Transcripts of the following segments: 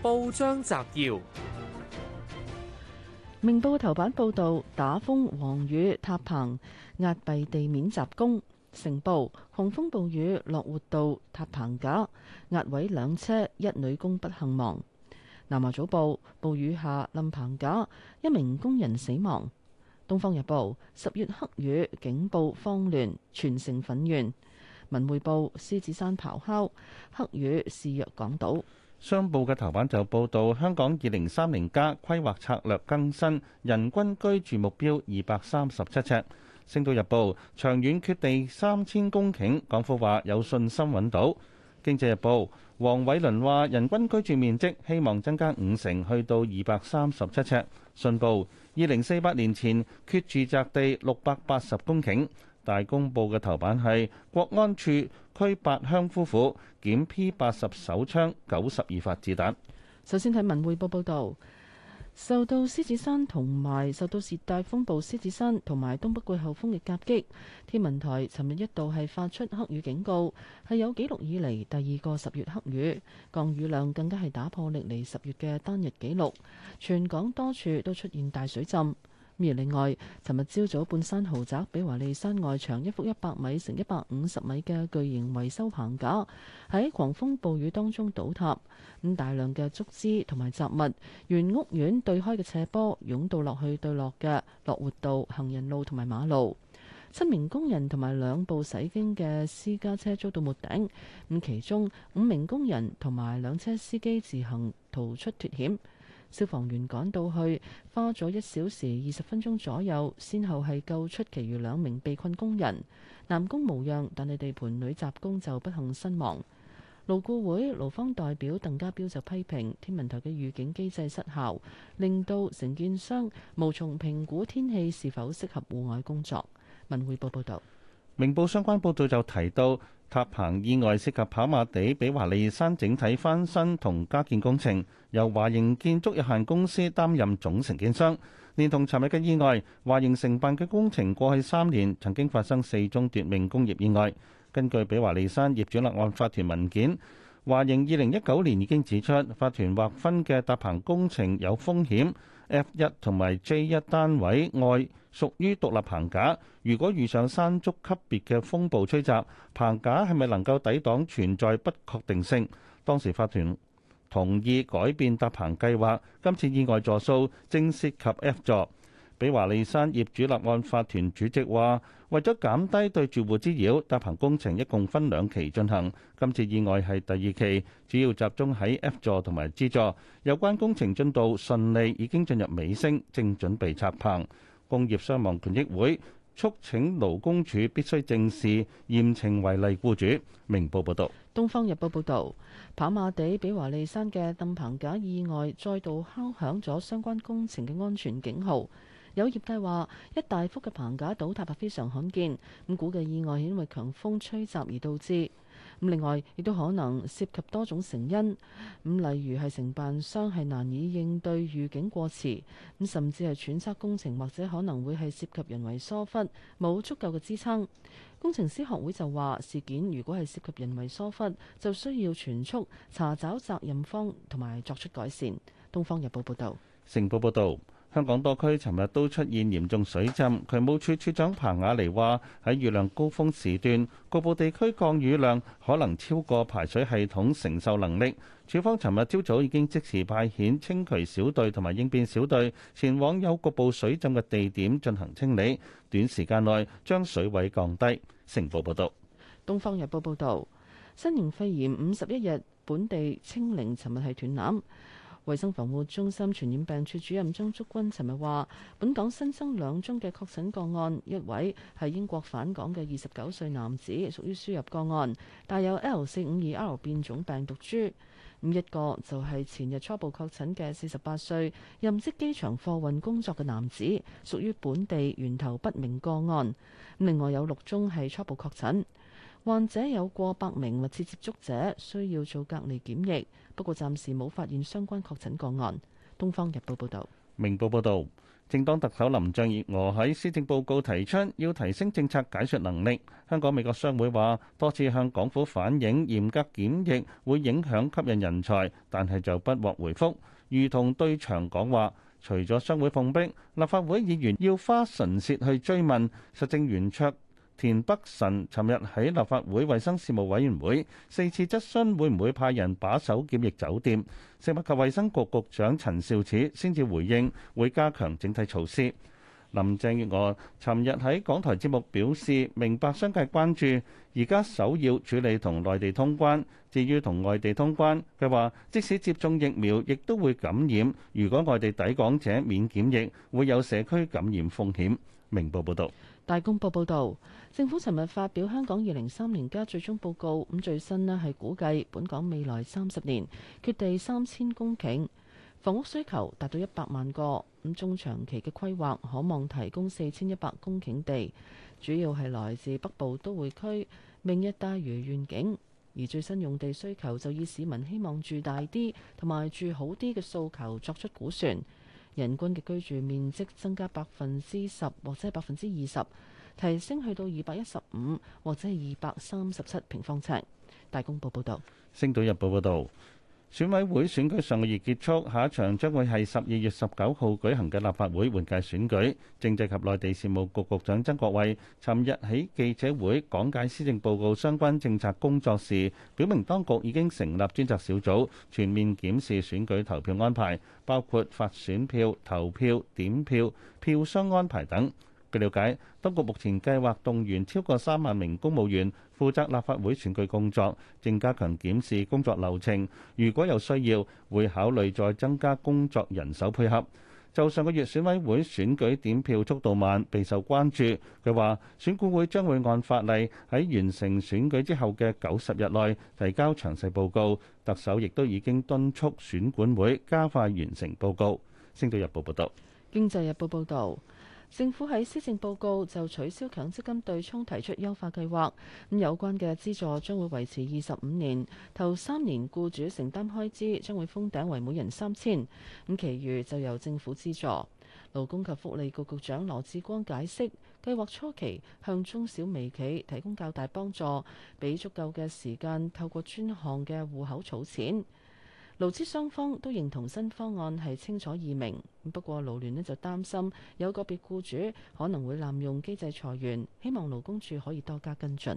報章摘要：明報頭版報道，打風黃雨塌棚，壓斃地面雜工；成報狂風暴雨落活道塌棚架，壓毀兩車，一女工不幸亡。南華早報：暴雨下冧棚架，一名工人死亡。東方日報：十月黑雨警報慌亂，全城粉圓。文匯報：獅子山咆哮，黑雨肆虐港島。商報嘅頭版就報道，香港二零三零家規劃策略更新，人均居住目標237尺。星島日報，長遠缺地三千公頃，港府話有信心揾到。經濟日報，黃偉綸話人均居住面積希望增加五成，去到二百三十七尺。信報，二零四八年前缺住宅地六百八十公頃。大公報嘅頭版係國安處。區八鄉夫婦檢 P 八十手槍九十二發子彈。首先睇文匯報報道，受到獅子山同埋受到熱帶風暴獅子山同埋東北季候風嘅夾擊，天文台尋日一度係發出黑雨警告，係有紀錄以嚟，第二個十月黑雨，降雨量更加係打破歷嚟十月嘅單日紀錄，全港多處都出現大水浸。而另外，尋日朝早，半山豪宅比華利山外牆一幅一百米乘一百五十米嘅巨型維修棚架喺狂風暴雨當中倒塌，咁大量嘅竹枝同埋雜物，原屋苑對開嘅斜坡湧到落去對落嘅樂活道、行人路同埋馬路，七名工人同埋兩部駛經嘅私家車遭到沒頂，咁其中五名工人同埋兩車司機自行逃出脱險。消防員趕到去，花咗一小時二十分鐘左右，先後係救出其餘兩名被困工人，男工無恙，但係地盤女雜工就不幸身亡。勞顧會勞方代表鄧家彪就批評天文台嘅預警機制失效，令到承建商無從評估天氣是否適合戶外工作。文匯報報道。明報相關報導就提到，搭棚意外涉及跑馬地比華利山整體翻新同加建工程，由華營建築有限公司擔任總承建商。連同尋日嘅意外，華營承辦嘅工程過去三年曾經發生四宗奪命工業意外。根據比華利山業主立案法團文件，華營二零一九年已經指出，法團劃分嘅搭棚工程有風險。1> F 一同埋 J 一單位外，屬於獨立棚架。如果遇上山竹級別嘅風暴吹襲，棚架係咪能夠抵擋？存在不確定性。當時法團同意改變搭棚計劃。今次意外助數正涉及 F 座。比華利山業主立案法團主席話：為咗減低對住戶滋擾，搭棚工程一共分兩期進行。今次意外係第二期，主要集中喺 F 座同埋 G 座。有關工程進度順利，已經進入尾聲，正準備拆棚。工業傷亡權益會促請勞工處必須正視，嚴懲違例雇主。明報報道：《東方日報》報道，跑馬地比華利山嘅塌棚架意外再度敲響咗相關工程嘅安全警號。有業界話，一大幅嘅棚架倒塌係非常罕見，咁估計意外係因為強風吹襲而導致。咁另外，亦都可能涉及多種成因，咁例如係承辦商係難以應對預警過遲，咁甚至係揣測工程或者可能會係涉及人為疏忽，冇足夠嘅支撐。工程師學會就話，事件如果係涉及人為疏忽，就需要全速查找責任方同埋作出改善。《東方日報》報道。《成報》報道。香港多區尋日都出現嚴重水浸，渠務處處長彭亞妮話：喺雨量高峰時段，局部地區降雨量可能超過排水系統承受能力。處方尋日朝早已經即時派遣清渠小隊同埋應變小隊，前往有局部水浸嘅地點進行清理，短時間內將水位降低。成報報道。《東方日報》報道：新型肺炎五十一日本地清零，尋日係斷纜。衛生防護中心傳染病處主任張竹君尋日話，本港新增兩宗嘅確診個案，一位係英國返港嘅二十九歲男子，屬於輸入個案，帶有 L 四五二 R 變種病毒株；一個就係前日初步確診嘅四十八歲，任職機場貨運工作嘅男子，屬於本地源頭不明個案。另外有六宗係初步確診。患者有過百名密切接觸者需要做隔離檢疫，不過暫時冇發現相關確診個案。《東方日報》報道，《明報》報道，正當特首林鄭月娥喺施政報告提出要提升政策解說能力，香港美國商會話多次向港府反映嚴格檢疫會影響吸引人才，但係就不獲回覆，如同對牆講話。除咗商會碰壁，立法會議員要花唇舌去追問實政圓桌。田北辰尋日喺立法會衞生事務委員會四次質詢，會唔會派人把守檢疫酒店？食物及衛生局局長陳肇始先至回應，會加強整體措施。林鄭月娥尋日喺港台節目表示，明白商界關注，而家首要處理同內地通關。至於同外地通關，佢話即使接種疫苗，亦都會感染。如果外地抵港者免檢疫，會有社區感染風險。明報報道。大公報報導，政府尋日發表香港二零三年加最終報告，咁最新呢係估計本港未來三十年缺地三千公頃，房屋需求達到一百萬個，咁中長期嘅規劃可望提供四千一百公頃地，主要係來自北部都會區、明日大嶼願景，而最新用地需求就以市民希望住大啲同埋住好啲嘅訴求作出估算。人均嘅居住面積增加百分之十或者係百分之二十，提升去到二百一十五或者係二百三十七平方尺。大公報報道，《星島日報》報道。選委會選舉上個月結束，下一場將會係十二月十九號舉行嘅立法會換屆選舉。政制及內地事務局局長曾國衛尋日喺記者會講解施政報告相關政策工作時，表明當局已經成立專責小組，全面檢視選舉投票安排，包括發選票、投票、點票、票箱安排等。據了解，當局目前計劃動員超過三萬名公務員負責立法會選舉工作，正加強檢視工作流程。如果有需要，會考慮再增加工作人手配合。就上個月選委會選舉點票速度慢，備受關注。佢話，選管會將會按法例喺完成選舉之後嘅九十日內提交詳細報告。特首亦都已經敦促選管會加快完成報告。星島日報報道，經濟日報報道。政府喺施政報告就取消強積金對沖提出優化計劃，咁有關嘅資助將會維持二十五年，頭三年僱主承擔開支將會封頂為每人三千，咁其餘就由政府資助。勞工及福利局局長羅致光解釋，計劃初期向中小微企提供較大幫助，俾足夠嘅時間透過專項嘅戶口儲錢。勞資雙方都認同新方案係清楚易明，不過勞聯呢就擔心有個別僱主可能會濫用機制裁員，希望勞工處可以多加跟進。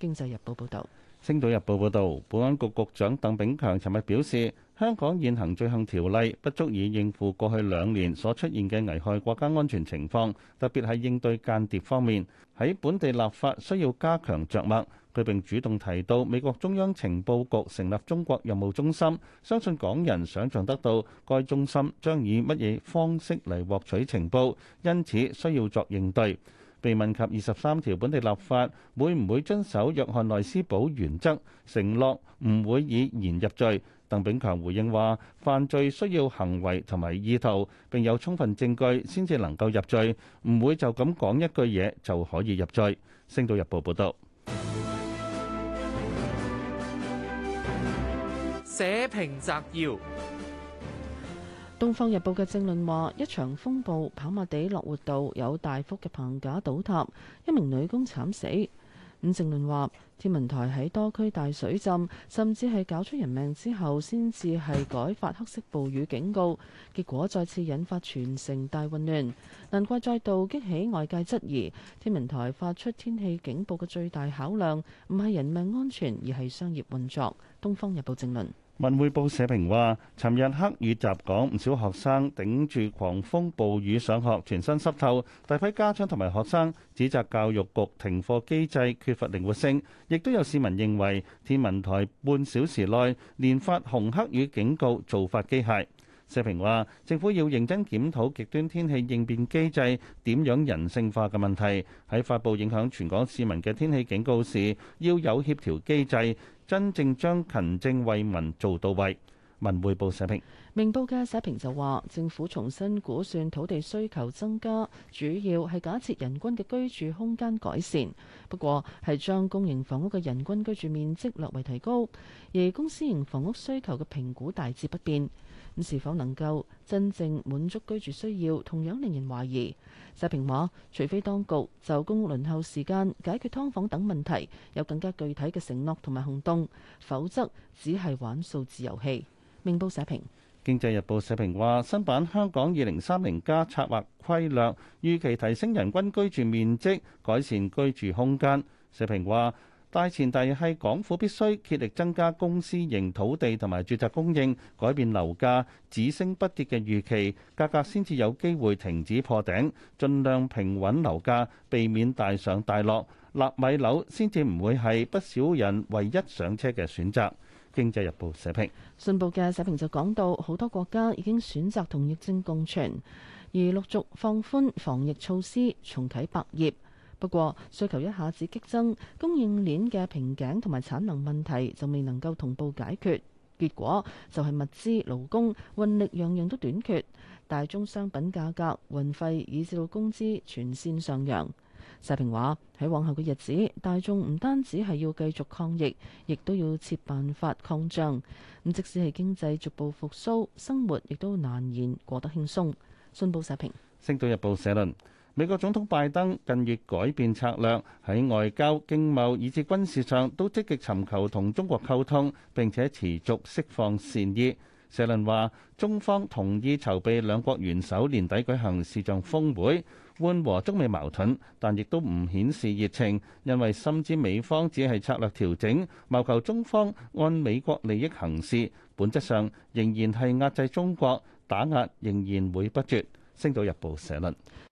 經濟日報報導。星島日報報導，保安局局長鄧炳強尋日表示，香港現行罪行條例不足以應付過去兩年所出現嘅危害國家安全情況，特別係應對間諜方面，喺本地立法需要加強著墨。佢並主動提到美國中央情報局成立中國任務中心，相信港人想像得到，該中心將以乜嘢方式嚟獲取情報，因此需要作應對。被問及二十三條本地立法會唔會遵守約翰內斯堡原則，承諾唔會以言入罪，鄧炳強回應話：犯罪需要行為同埋意圖，並有充分證據先至能夠入罪，唔會就咁講一句嘢就可以入罪。星島日報報道。社評摘要。《東方日報》嘅正論話：一場風暴跑馬地落活道有大幅嘅棚架倒塌，一名女工慘死。伍正論話：天文台喺多區大水浸，甚至係搞出人命之後，先至係改發黑色暴雨警告，結果再次引發全城大混亂，難怪再度激起外界質疑，天文台發出天氣警報嘅最大考量，唔係人命安全，而係商業運作。《東方日報》正論。文匯報社評話，尋日黑雨襲港，唔少學生頂住狂風暴雨上學，全身濕透。大批家長同埋學生指責教育局停課機制缺乏靈活性，亦都有市民認為天文台半小時內連發紅黑雨警告做法機械。社評話，政府要認真檢討極端天氣應變機制點樣人性化嘅問題。喺發佈影響全港市民嘅天氣警告時，要有協調機制，真正將勤政為民做到位。文匯報社評，明報嘅社評就話，政府重新估算土地需求增加，主要係假設人均嘅居住空間改善，不過係將公營房屋嘅人均居住面積略為提高，而公私營房屋需求嘅評估大致不變。咁是否能夠真正滿足居住需要，同樣令人懷疑。社評話，除非當局就公屋輪候時間、解決劏房等問題有更加具體嘅承諾同埋行動，否則只係玩數字遊戲。明報社評，《經濟日報》社評話，新版《香港二零三零加策劃規略》預期提升人均居住面積，改善居住空間。社評話。大前提係港府必須竭力增加公私營土地同埋住宅供應，改變樓價止升不跌嘅預期，價格先至有機會停止破頂，儘量平穩樓價，避免大上大落，納米樓先至唔會係不少人唯一上車嘅選擇。經濟日報社評，信報嘅社評就講到，好多國家已經選擇同疫症共存，而陸續放寬防疫措施，重啟百業。不過，需求一下子激增，供應鏈嘅瓶頸同埋產能問題就未能夠同步解決，結果就係物資、勞工、運力樣樣都短缺，大宗商品價格、運費以至到工資全線上揚。社評話：喺往後嘅日子，大眾唔單止係要繼續抗疫，亦都要設辦法抗漲。咁即使係經濟逐步復甦，生活亦都難言過得輕鬆。信報社評，《星島日報》社論。美國總統拜登近月改變策略，喺外交、經貿以至軍事上都積極尋求同中國溝通，並且持續釋放善意。社論話，中方同意籌備兩國元首年底舉行視像峰會，緩和中美矛盾，但亦都唔顯示熱情，因為深知美方只係策略調整，謀求中方按美國利益行事，本質上仍然係壓制中國，打壓仍然會不絕。星島日報社論。